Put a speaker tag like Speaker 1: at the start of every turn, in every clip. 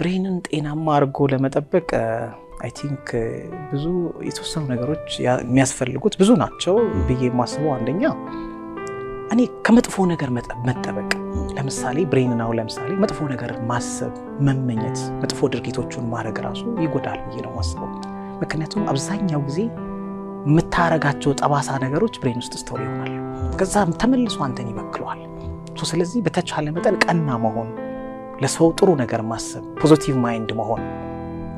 Speaker 1: ብሬንን ጤናማ አድርጎ ለመጠበቅ አይ ቲንክ ብዙ የተወሰኑ ነገሮች የሚያስፈልጉት ብዙ ናቸው ብዬ የማስበው አንደኛ እኔ ከመጥፎ ነገር መጠበቅ ለምሳሌ ብሬንን አሁን ለምሳሌ መጥፎ ነገር ማሰብ፣ መመኘት፣ መጥፎ ድርጊቶቹን ማድረግ ራሱ ይጎዳል ብዬ ነው ማስበው። ምክንያቱም አብዛኛው ጊዜ የምታረጋቸው ጠባሳ ነገሮች ብሬን ውስጥ ስተው ይሆናል። ከዛ ተመልሶ አንተን ይበክለዋል። ስለዚህ በተቻለ መጠን ቀና መሆን ለሰው ጥሩ ነገር ማሰብ፣ ፖዚቲቭ ማይንድ መሆን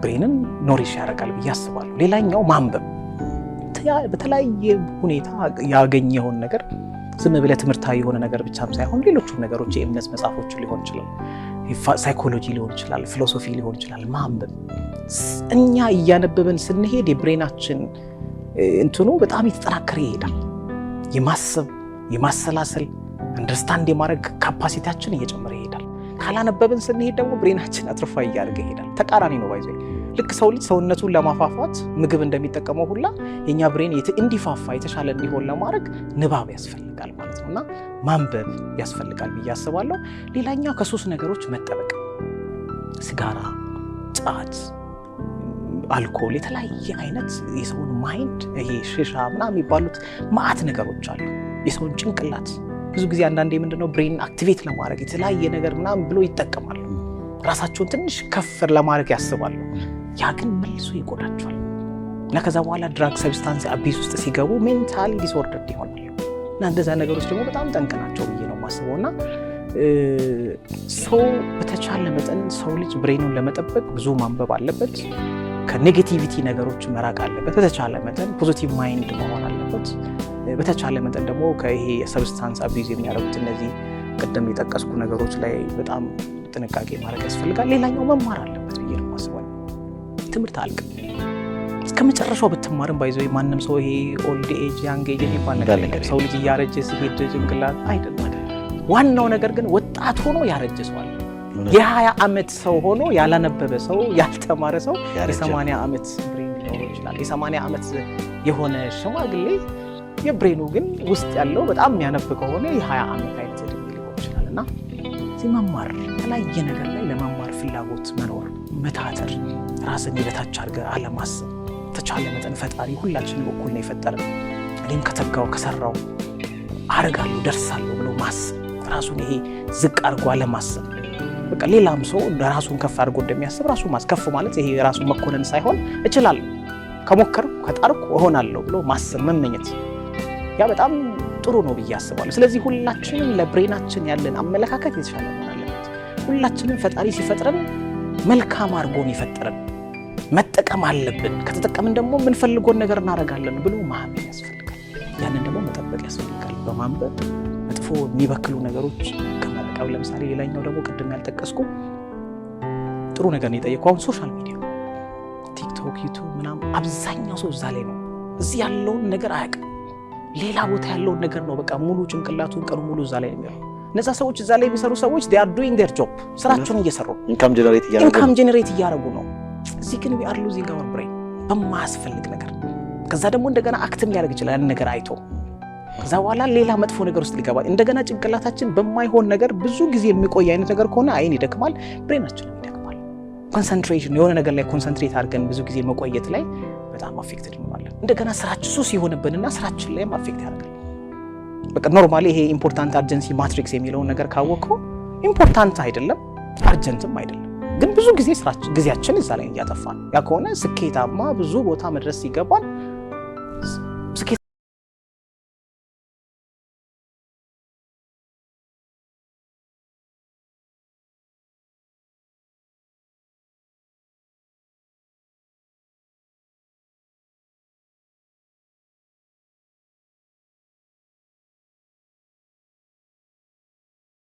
Speaker 1: ብሬንን ኖሪሽ ያደርጋል ብዬ አስባለሁ። ሌላኛው ማንበብ፣ በተለያየ ሁኔታ ያገኘውን ነገር ዝም ብለህ ትምህርታዊ የሆነ ነገር ብቻም ሳይሆን ሌሎቹም ነገሮች የእምነት መጽሐፎች ሊሆን ይችላል፣ ሳይኮሎጂ ሊሆን ይችላል፣ ፊሎሶፊ ሊሆን ይችላል። ማንበብ እኛ እያነበብን ስንሄድ የብሬናችን እንትኑ በጣም የተጠናከረ ይሄዳል። የማሰብ የማሰላሰል አንደርስታንድ የማድረግ ካፓሲቲያችን እየጨመረ ይሄዳል። ካላነበብን ስንሄድ ደግሞ ብሬናችን አትርፋ እያደረገ ይሄዳል። ተቃራኒ ነው። ባይዘ ልክ ሰው ልጅ ሰውነቱን ለማፋፋት ምግብ እንደሚጠቀመው ሁላ የእኛ ብሬን እንዲፋፋ የተሻለ እንዲሆን ለማድረግ ንባብ ያስፈልጋል ማለት ነው እና ማንበብ ያስፈልጋል ብዬ አስባለሁ። ሌላኛው ከሶስት ነገሮች መጠበቅ፣ ስጋራ፣ ጫት፣ አልኮል፣ የተለያየ አይነት የሰውን ማይንድ ይሄ ሽሻ ምናምን የሚባሉት ማአት ነገሮች አሉ የሰውን ጭንቅላት ብዙ ጊዜ አንዳንዴ ምንድነው ብሬን አክቲቬት ለማድረግ የተለያየ ነገር ምናምን ብሎ ይጠቀማሉ። ራሳቸውን ትንሽ ከፍር ለማድረግ ያስባሉ። ያ ግን መልሶ ይጎዳቸዋል እና ከዛ በኋላ ድራግ ሰብስታንስ አቢዝ ውስጥ ሲገቡ ሜንታል ዲስኦርደር ይሆናሉ። እና እንደዛ ነገሮች ደግሞ በጣም ጠንቅ ናቸው ብዬ ነው የማስበው። እና ሰው በተቻለ መጠን ሰው ልጅ ብሬኑን ለመጠበቅ ብዙ ማንበብ አለበት። ከኔጌቲቪቲ ነገሮች መራቅ አለበት። በተቻለ መጠን ፖዚቲቭ ማይንድ መሆን አለበት። በተቻለ መጠን ደግሞ ከይሄ የሰብስታንስ አቢዝ የሚያደርጉት እነዚህ ቅድም የጠቀስኩ ነገሮች ላይ በጣም ጥንቃቄ ማድረግ ያስፈልጋል። ሌላኛው መማር አለበት ብዬ ነው የማስበው። ትምህርት አልቅ እስከ መጨረሻው ብትማርም ባይዞ ማንም ሰው ይሄ ኦልድ ኤጅ ያንግ ኤጅ የሚባል ነገር ሰው ልጅ እያረጀ ሲሄድ ጭንቅላት አይደለም። ዋናው ነገር ግን ወጣት ሆኖ ያረጀ ሰዋል የሀያ ዓመት ሰው ሆኖ ያላነበበ ሰው ያልተማረ ሰው የሰማንያ ዓመት ብሬን ሊኖሩ ይችላል። የሰማንያ ዓመት የሆነ ሽማግሌ የብሬኑ ግን ውስጥ ያለው በጣም የሚያነብ ከሆነ የሀያ ዓመት አይነት ዕድሜ ሊኖር ይችላል እና እዚህ መማር የተለያየ ነገር ላይ ለመማር ፍላጎት መኖር፣ መታተር፣ ራስን የበታች አድርገህ አለማሰብ ተቻለ መጠን ፈጣሪ ሁላችን በኩል ነው የፈጠረ እኔም ከተጋው ከሰራው አረጋለሁ ደርሳለሁ ብሎ ማሰብ ራሱን ይሄ ዝቅ አድርጎ አለማሰብ በቃ ሌላም ሰው ራሱን ከፍ አድርጎ እንደሚያስብ ራሱ ማስከፍ ማለት ይሄ ራሱ መኮነን ሳይሆን እችላለሁ፣ ከሞከርኩ ከጣርኩ እሆናለሁ ብሎ ማሰብ መመኘት፣ ያ በጣም ጥሩ ነው ብዬ አስባለሁ። ስለዚህ ሁላችንም ለብሬናችን ያለን አመለካከት የተሻለ መሆን ሁላችንም ፈጣሪ ሲፈጥረን መልካም አድርጎን ይፈጥረን መጠቀም አለብን። ከተጠቀምን ደግሞ የምንፈልገውን ነገር እናደርጋለን ብሎ ማመን ያስፈልጋል። ያንን ደግሞ መጠበቅ ያስፈልጋል በማንበብ መጥፎ የሚበክሉ ነገሮች አሁን ለምሳሌ ሌላኛው ደግሞ ቅድም ያልጠቀስኩ ጥሩ ነገር ነው የጠየቁ አሁን ሶሻል ሚዲያ ቲክቶክ፣ ዩቱ ምናም አብዛኛው ሰው እዛ ላይ ነው። እዚህ ያለውን ነገር አያቅ ሌላ ቦታ ያለውን ነገር ነው በቃ ሙሉ ጭንቅላቱን ቀኑ ሙሉ እዛ ላይ ነው። እነዛ ሰዎች እዛ ላይ የሚሰሩ ሰዎች ዴይ ዱንግ ር ጆብ ስራቸውን እየሰሩ ኢንካም ጀኔሬት እያደረጉ ነው። እዚህ ግን ዊ አር ሉዚንግ አወር ብሬን በማያስፈልግ ነገር። ከዛ ደግሞ እንደገና አክት ሊያደርግ ይችላል ያን ነገር አይቶ ከዛ በኋላ ሌላ መጥፎ ነገር ውስጥ ሊገባ እንደገና ጭንቅላታችን በማይሆን ነገር ብዙ ጊዜ የሚቆይ አይነት ነገር ከሆነ አይን ይደክማል፣ ብሬናችን ይደክማል። ኮንሰንትሬሽን የሆነ ነገር ላይ ኮንሰንትሬት አድርገን ብዙ ጊዜ መቆየት ላይ በጣም አፌክትድ እንሆናለን። እንደገና ስራችን ሱስ የሆንብንና ስራችን ላይም አፌክት ያደርጋል። በቃ ኖርማሊ ይሄ ኢምፖርታንት አርጀንሲ ማትሪክስ የሚለውን ነገር ካወቅከው ኢምፖርታንት አይደለም አርጀንትም አይደለም ግን ብዙ ጊዜ ስራችን ጊዜያችን እዛ ላይ እያጠፋን ያ ከሆነ ስኬታማ ብዙ ቦታ መድረስ ይገባል።